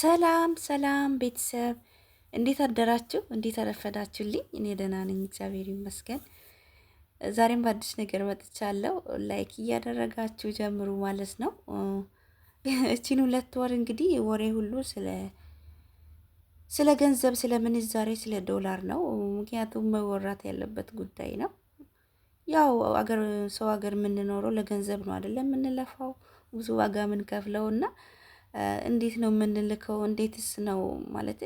ሰላም ሰላም ቤተሰብ እንዴት አደራችሁ? እንዴት አረፈዳችሁልኝ? እኔ ደህና ነኝ፣ እግዚአብሔር ይመስገን። ዛሬም በአዲስ ነገር መጥቻለሁ። ላይክ እያደረጋችሁ ጀምሩ ማለት ነው። እቺን ሁለት ወር እንግዲህ ወሬ ሁሉ ስለ ስለ ገንዘብ፣ ስለ ምንዛሬ፣ ስለ ዶላር ነው። ምክንያቱም መወራት ያለበት ጉዳይ ነው። ያው አገር ሰው ሀገር የምንኖረው ለገንዘብ ነው አይደለም የምንለፋው ብዙ ዋጋ ከፍለው እና እንዴት ነው የምንልከው? እንዴትስ ነው ማለት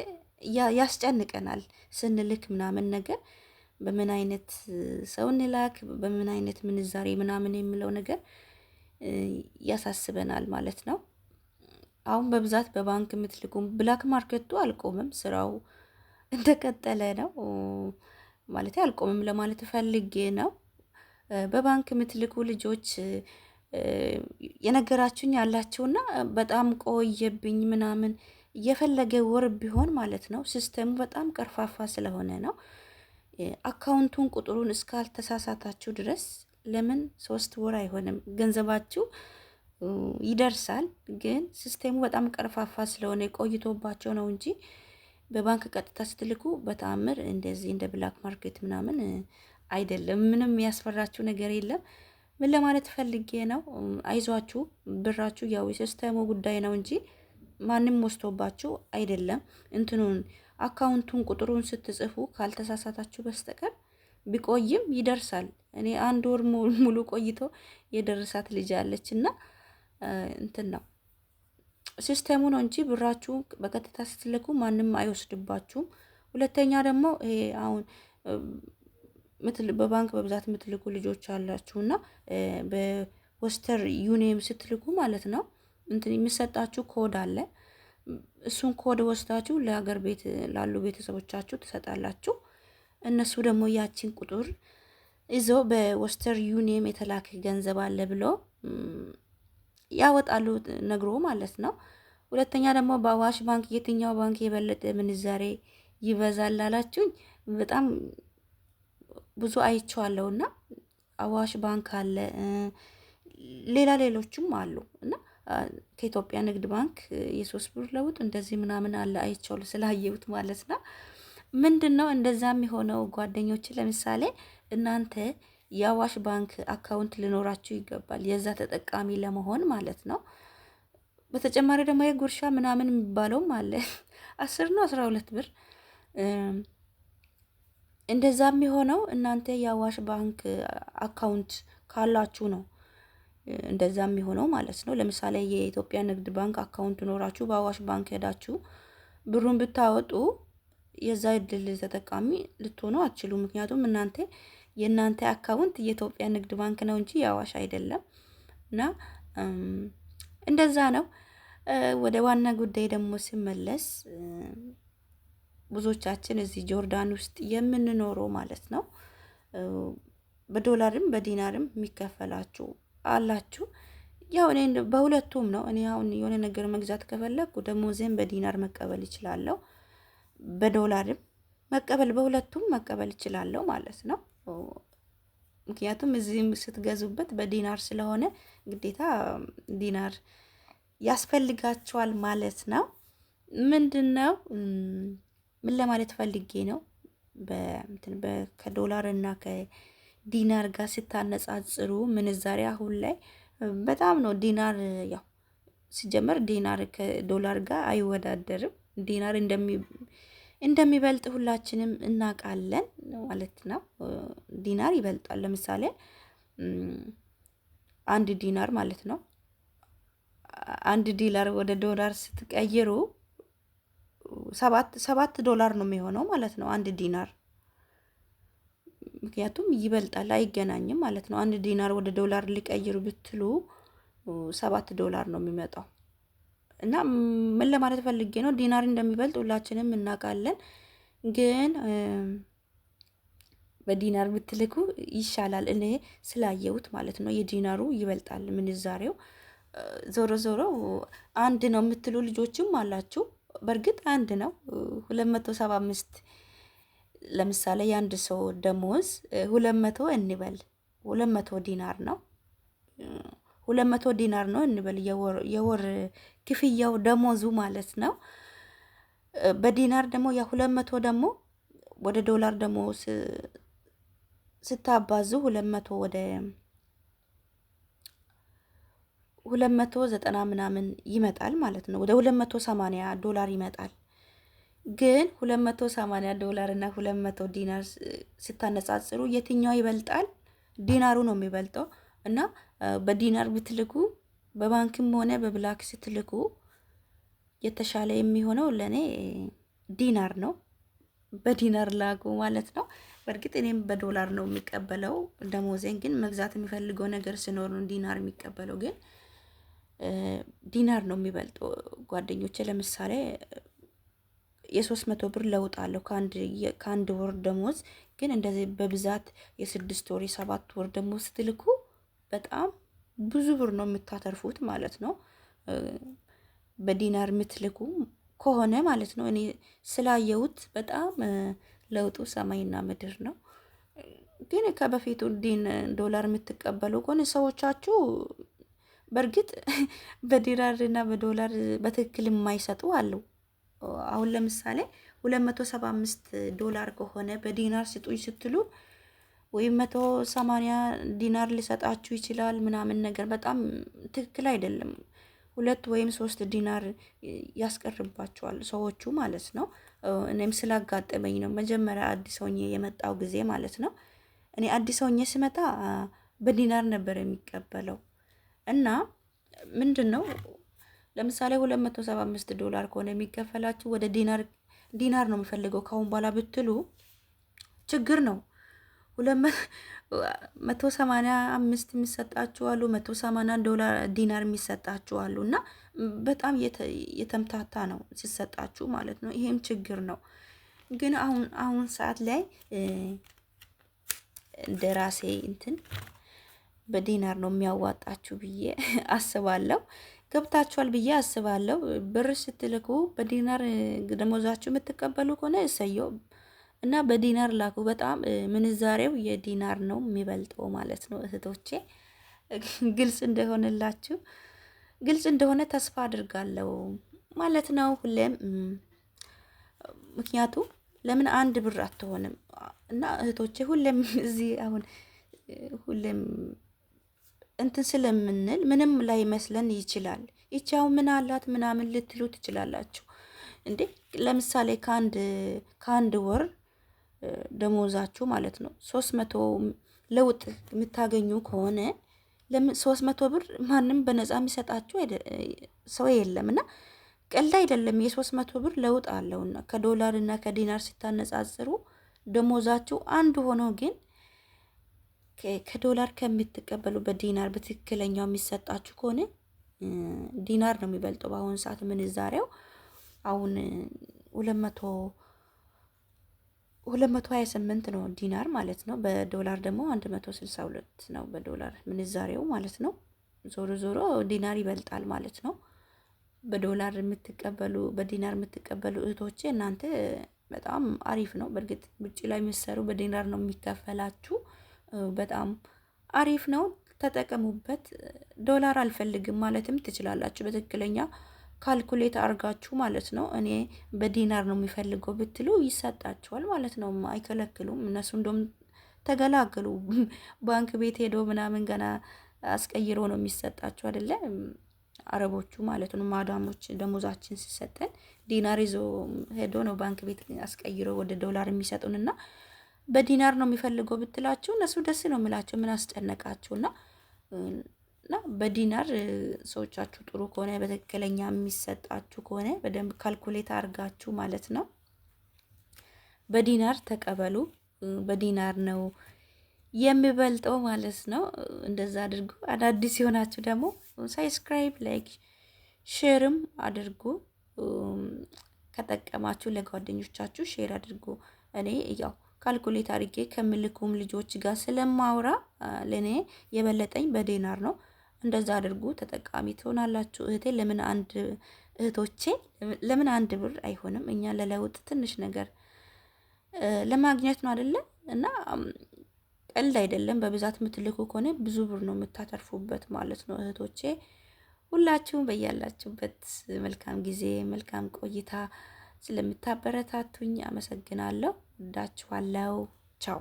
ያስጨንቀናል ስንልክ ምናምን ነገር በምን አይነት ሰው እንላክ፣ በምን አይነት ምንዛሬ ምናምን የሚለው ነገር ያሳስበናል ማለት ነው። አሁን በብዛት በባንክ የምትልኩም ብላክ ማርኬቱ አልቆምም፣ ስራው እንደቀጠለ ነው ማለት አልቆምም ለማለት ፈልጌ ነው። በባንክ የምትልኩ ልጆች የነገራችሁኝ ያላችሁና በጣም ቆየብኝ ምናምን የፈለገ ወር ቢሆን ማለት ነው። ሲስተሙ በጣም ቀርፋፋ ስለሆነ ነው። አካውንቱን ቁጥሩን እስካልተሳሳታችሁ ድረስ ለምን ሶስት ወር አይሆንም፣ ገንዘባችሁ ይደርሳል። ግን ሲስተሙ በጣም ቀርፋፋ ስለሆነ ቆይቶባቸው ነው እንጂ በባንክ ቀጥታ ስትልኩ በተአምር እንደዚህ እንደ ብላክ ማርኬት ምናምን አይደለም። ምንም ያስፈራችሁ ነገር የለም። ምን ለማለት ፈልጌ ነው? አይዟችሁ ብራችሁ ያው የሲስተሙ ጉዳይ ነው እንጂ ማንም ወስቶባችሁ አይደለም። እንትኑን አካውንቱን ቁጥሩን ስትጽፉ ካልተሳሳታችሁ በስተቀር ቢቆይም ይደርሳል። እኔ አንድ ወር ሙሉ ቆይቶ የደረሳት ልጅ አለች እና እንትን ነው ሲስተሙ ነው እንጂ ብራችሁ በቀጥታ ስትልኩ ማንም አይወስድባችሁም። ሁለተኛ ደግሞ ይሄ አሁን በባንክ በብዛት የምትልኩ ልጆች አላችሁና በወስተር ዩኒየም ስትልኩ ማለት ነው እንትን የሚሰጣችሁ ኮድ አለ። እሱን ኮድ ወስዳችሁ ለሀገር ቤት ላሉ ቤተሰቦቻችሁ ትሰጣላችሁ። እነሱ ደግሞ ያችን ቁጥር ይዘው በወስተር ዩኒየም የተላከ ገንዘብ አለ ብሎ ያወጣሉ ነግሮ ማለት ነው። ሁለተኛ ደግሞ በአዋሽ ባንክ የትኛው ባንክ የበለጠ ምንዛሬ ይበዛል ላላችሁኝ በጣም ብዙ አይቼዋለሁ እና አዋሽ ባንክ አለ፣ ሌላ ሌሎችም አሉ እና ከኢትዮጵያ ንግድ ባንክ የሶስት ብር ለውጥ እንደዚህ ምናምን አለ አይቼዋለሁ፣ ስላየሁት ማለት ነው። ምንድን ነው እንደዛም የሆነው ጓደኞችን ለምሳሌ እናንተ የአዋሽ ባንክ አካውንት ሊኖራችሁ ይገባል፣ የዛ ተጠቃሚ ለመሆን ማለት ነው። በተጨማሪ ደግሞ የጉርሻ ምናምን የሚባለውም አለ አስር ነው አስራ ሁለት ብር እንደዛም የሆነው እናንተ የአዋሽ ባንክ አካውንት ካላችሁ ነው። እንደዛም የሆነው ማለት ነው። ለምሳሌ የኢትዮጵያ ንግድ ባንክ አካውንት ኖራችሁ በአዋሽ ባንክ ሄዳችሁ ብሩን ብታወጡ የዛ እድል ተጠቃሚ ልትሆኑ አትችሉ። ምክንያቱም እናንተ የእናንተ አካውንት የኢትዮጵያ ንግድ ባንክ ነው እንጂ የአዋሽ አይደለም። እና እንደዛ ነው። ወደ ዋና ጉዳይ ደግሞ ሲመለስ። ብዙዎቻችን እዚህ ጆርዳን ውስጥ የምንኖረው ማለት ነው። በዶላርም በዲናርም የሚከፈላችሁ አላችሁ። ያው እኔ በሁለቱም ነው። እኔ አሁን የሆነ ነገር መግዛት ከፈለግኩ ደሞዜን በዲናር መቀበል ይችላለሁ፣ በዶላርም መቀበል፣ በሁለቱም መቀበል ይችላለሁ ማለት ነው። ምክንያቱም እዚህም ስትገዙበት በዲናር ስለሆነ ግዴታ ዲናር ያስፈልጋቸዋል ማለት ነው። ምንድን ነው ምን ለማለት ፈልጌ ነው? ከዶላር እና ከዲናር ጋር ስታነጻጽሩ ምንዛሬ አሁን ላይ በጣም ነው። ዲናር ያው ሲጀመር ዲናር ከዶላር ጋር አይወዳደርም። ዲናር እንደሚበልጥ ሁላችንም እናውቃለን ማለት ነው። ዲናር ይበልጣል። ለምሳሌ አንድ ዲናር ማለት ነው አንድ ዲናር ወደ ዶላር ስትቀይሩ ሰባት ዶላር ነው የሚሆነው ማለት ነው አንድ ዲናር። ምክንያቱም ይበልጣል አይገናኝም ማለት ነው። አንድ ዲናር ወደ ዶላር ሊቀይሩ ብትሉ ሰባት ዶላር ነው የሚመጣው። እና ምን ለማለት ፈልጌ ነው ዲናር እንደሚበልጥ ሁላችንም እናውቃለን። ግን በዲናር ብትልኩ ይሻላል። እኔ ስላየሁት ማለት ነው የዲናሩ ይበልጣል ምንዛሬው። ዞሮ ዞሮ አንድ ነው የምትሉ ልጆችም አላችሁ። በእርግጥ አንድ ነው። 275 ለምሳሌ የአንድ ሰው ደሞዝ 200 እንበል 200 ዲናር ነው። 200 ዲናር ነው እንበል የወር ክፍያው ደሞዙ ማለት ነው። በዲናር ደግሞ ያ 200 ደግሞ ወደ ዶላር ደግሞ ስታባዙ 200 ወደ ሁለት መቶ ዘጠና ምናምን ይመጣል ማለት ነው። ወደ ሁለት መቶ ሰማንያ ዶላር ይመጣል። ግን ሁለት መቶ ሰማንያ ዶላር እና ሁለት መቶ ዲናር ስታነጻጽሩ የትኛው ይበልጣል? ዲናሩ ነው የሚበልጠው። እና በዲናር ብትልኩ በባንክም ሆነ በብላክ ስትልኩ የተሻለ የሚሆነው ለእኔ ዲናር ነው። በዲናር ላጉ ማለት ነው። በእርግጥ እኔም በዶላር ነው የሚቀበለው ደሞዜን። ግን መግዛት የሚፈልገው ነገር ስኖር ነው ዲናር የሚቀበለው ግን ዲናር ነው የሚበልጡ ጓደኞቼ ለምሳሌ የሶስት መቶ ብር ለውጥ አለው ከአንድ ወር ደሞዝ። ግን እንደዚህ በብዛት የስድስት ወር የሰባት ወር ደሞዝ ስትልኩ በጣም ብዙ ብር ነው የምታተርፉት ማለት ነው። በዲናር የምትልኩ ከሆነ ማለት ነው። እኔ ስላየሁት በጣም ለውጡ ሰማይና ምድር ነው። ግን ከበፊቱ ዲን ዶላር የምትቀበሉ ከሆነ ሰዎቻችሁ በእርግጥ በዲራር እና በዶላር በትክክል የማይሰጡ አሉ። አሁን ለምሳሌ ሁለት መቶ ሰባ አምስት ዶላር ከሆነ በዲናር ስጡኝ ስትሉ ወይም መቶ ዲናር ሊሰጣችሁ ይችላል ምናምን ነገር በጣም ትክክል አይደለም። ሁለት ወይም ሶስት ዲናር ያስቀርባቸዋል ሰዎቹ ማለት ነው። እኔም ስላጋጠመኝ ነው። መጀመሪያ አዲስ ሆኜ የመጣው ጊዜ ማለት ነው። እኔ አዲስ ሆኜ ስመጣ በዲናር ነበር የሚቀበለው እና ምንድን ነው ለምሳሌ 275 ዶላር ከሆነ የሚከፈላችሁ ወደ ዲናር ዲናር ነው የሚፈልገው ካሁን በኋላ ብትሉ ችግር ነው። 285 የሚሰጣችሁ አሉ፣ 180 ዶላር ዲናር የሚሰጣችሁ አሉ። እና በጣም የተምታታ ነው ሲሰጣችሁ ማለት ነው። ይሄም ችግር ነው። ግን አሁን አሁን ሰዓት ላይ እንደ ራሴ እንትን በዲናር ነው የሚያዋጣችሁ ብዬ አስባለሁ። ገብታችኋል ብዬ አስባለሁ። ብር ስትልኩ በዲናር ደሞዛችሁ የምትቀበሉ ከሆነ እሰየው እና በዲናር ላኩ። በጣም ምንዛሬው የዲናር ነው የሚበልጠው ማለት ነው እህቶቼ፣ ግልጽ እንደሆነላችሁ ግልጽ እንደሆነ ተስፋ አድርጋለሁ ማለት ነው ሁሌም ምክንያቱ ለምን አንድ ብር አትሆንም እና እህቶቼ ሁሌም እዚህ አሁን ሁሌም እንትን ስለምንል ምንም ላይመስለን ይችላል። ይቻው ምን አላት ምናምን ልትሉ ትችላላችሁ። እንዴ ለምሳሌ ከአንድ ከአንድ ወር ደሞዛችሁ ማለት ነው ሶስት መቶ ለውጥ የምታገኙ ከሆነ ሶስት መቶ ብር ማንም በነፃ የሚሰጣችሁ ሰው የለም እና ቀልድ አይደለም። የሶስት መቶ ብር ለውጥ አለውና ከዶላር እና ከዲናር ስታነጻጽሩ ደሞዛችሁ አንድ ሆኖ ግን ከዶላር ከምትቀበሉ በዲናር በትክክለኛው የሚሰጣችሁ ከሆነ ዲናር ነው የሚበልጠው። በአሁኑ ሰዓት ምንዛሬው አሁን ሁለት መቶ ሁለት መቶ ሀያ ስምንት ነው ዲናር ማለት ነው። በዶላር ደግሞ አንድ መቶ ስልሳ ሁለት ነው በዶላር ምንዛሬው ማለት ነው። ዞሮ ዞሮ ዲናር ይበልጣል ማለት ነው። በዶላር የምትቀበሉ በዲናር የምትቀበሉ እህቶቼ እናንተ በጣም አሪፍ ነው። በእርግጥ ውጭ ላይ የምትሰሩ በዲናር ነው የሚከፈላችሁ። በጣም አሪፍ ነው፣ ተጠቀሙበት። ዶላር አልፈልግም ማለትም ትችላላችሁ፣ በትክክለኛ ካልኩሌት አድርጋችሁ ማለት ነው። እኔ በዲናር ነው የሚፈልገው ብትሉ ይሰጣችኋል ማለት ነው፣ አይከለክሉም እነሱ። እንደውም ተገላገሉ። ባንክ ቤት ሄዶ ምናምን ገና አስቀይሮ ነው የሚሰጣችሁ አይደለ? አረቦቹ ማለት ነው። ማዳሞች ደሞዛችን ሲሰጠን ዲናር ይዞ ሄዶ ነው ባንክ ቤት አስቀይሮ ወደ ዶላር የሚሰጡን እና በዲናር ነው የሚፈልገው ብትላችሁ እነሱ ደስ ነው የሚላቸው ምን አስጨነቃችሁና እና በዲናር ሰዎቻችሁ ጥሩ ከሆነ በትክክለኛ የሚሰጣችሁ ከሆነ በደንብ ካልኩሌት አድርጋችሁ ማለት ነው። በዲናር ተቀበሉ። በዲናር ነው የሚበልጠው ማለት ነው። እንደዛ አድርጉ። አዳዲስ የሆናችሁ ደግሞ ሳብስክራይብ፣ ላይክ፣ ሼርም አድርጉ። ከጠቀማችሁ ለጓደኞቻችሁ ሼር አድርጉ። እኔ ያው ካልኩሌት አድርጌ ከምልኩም ልጆች ጋር ስለማውራ ለእኔ የበለጠኝ በዴናር ነው። እንደዛ አድርጉ ተጠቃሚ ትሆናላችሁ። እህቴ ለምን አንድ እህቶቼ ለምን አንድ ብር አይሆንም? እኛ ለለውጥ ትንሽ ነገር ለማግኘት ነው አይደለ? እና ቀልድ አይደለም። በብዛት የምትልኩ ከሆነ ብዙ ብር ነው የምታተርፉበት ማለት ነው እህቶቼ። ሁላችሁም በያላችሁበት መልካም ጊዜ፣ መልካም ቆይታ ስለምታበረታቱኝ አመሰግናለሁ። ወዳችኋለሁ። ቻው